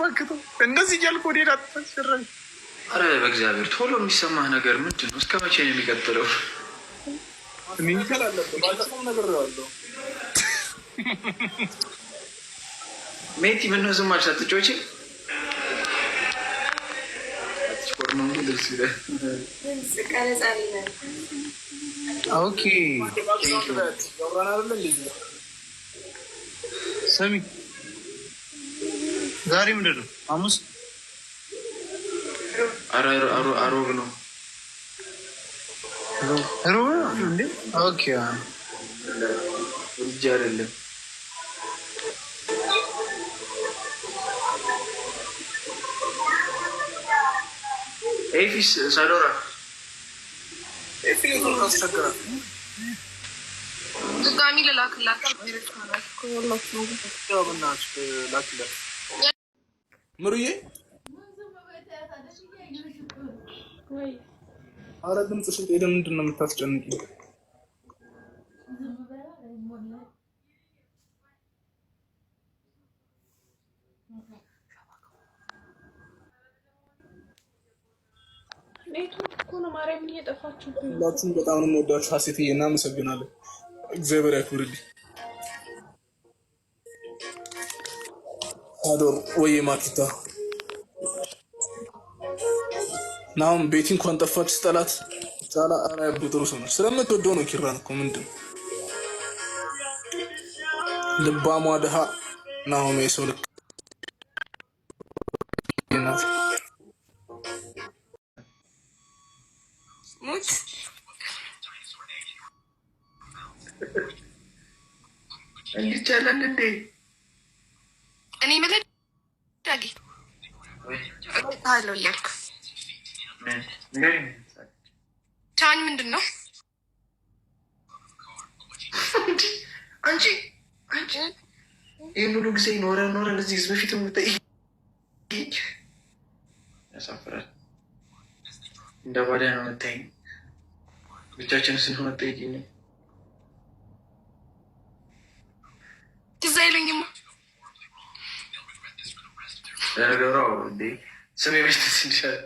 የምትማክተው? እንደዚህ እያልኩ ወዴት አታስፈራኝ። አረ በእግዚአብሔር ቶሎ የሚሰማህ ነገር ምንድን ነው? እስከ መቼ ነው የሚቀጥለው? ሜቲ ምነው ዝም አልሽ? አትጮች ኦኬ ስሚ ዛሬ ምንድን ነው? ሐሙስ አሮብ ነው። ሮብ እንዴ? ኦኬ እጅ አይደለም። ኤፊስ ሳዶራ ድጋሚ ልላክላት ምሩዬ አረ ድምፅሽን ሄደ። ምንድን ነው የምታስጨንቂ? ኔትወርክ እኮ ነው ማርያምን ሁላችሁም በጣም ነው የምወዳችሁ። ሀሴትዬ እናመሰግናለን። እግዚአብሔር ያክብርልኝ። አዶር ወይ ማኪታ ናሁን ቤቲ እንኳን ጠፋች ስጠላት ጫላ አራያብ ጥሩ ሰው ነች። ስለምትወደው ነው ኪራን እኮ ምንድን ልባሟ ድሃ ናሆም የሰው ልክ እንዲቻለን እንዴ እኔ የምልህ ዳጊ አለው እያልኩ ቻኝ ምንድን ነው አንቺ አንቺ ይህን ሁሉ ጊዜ ኖረ ኖረ እዚህ ህዝብ በፊት የምጠይቅ ያሳፍራል። እንደ ባዳ ነው የምታይኝ። ብቻችን ስንሆነ ጠይቅ ትዝ አይለኝማ ነገራው እንዴ ስሜ ቤት ትንሻል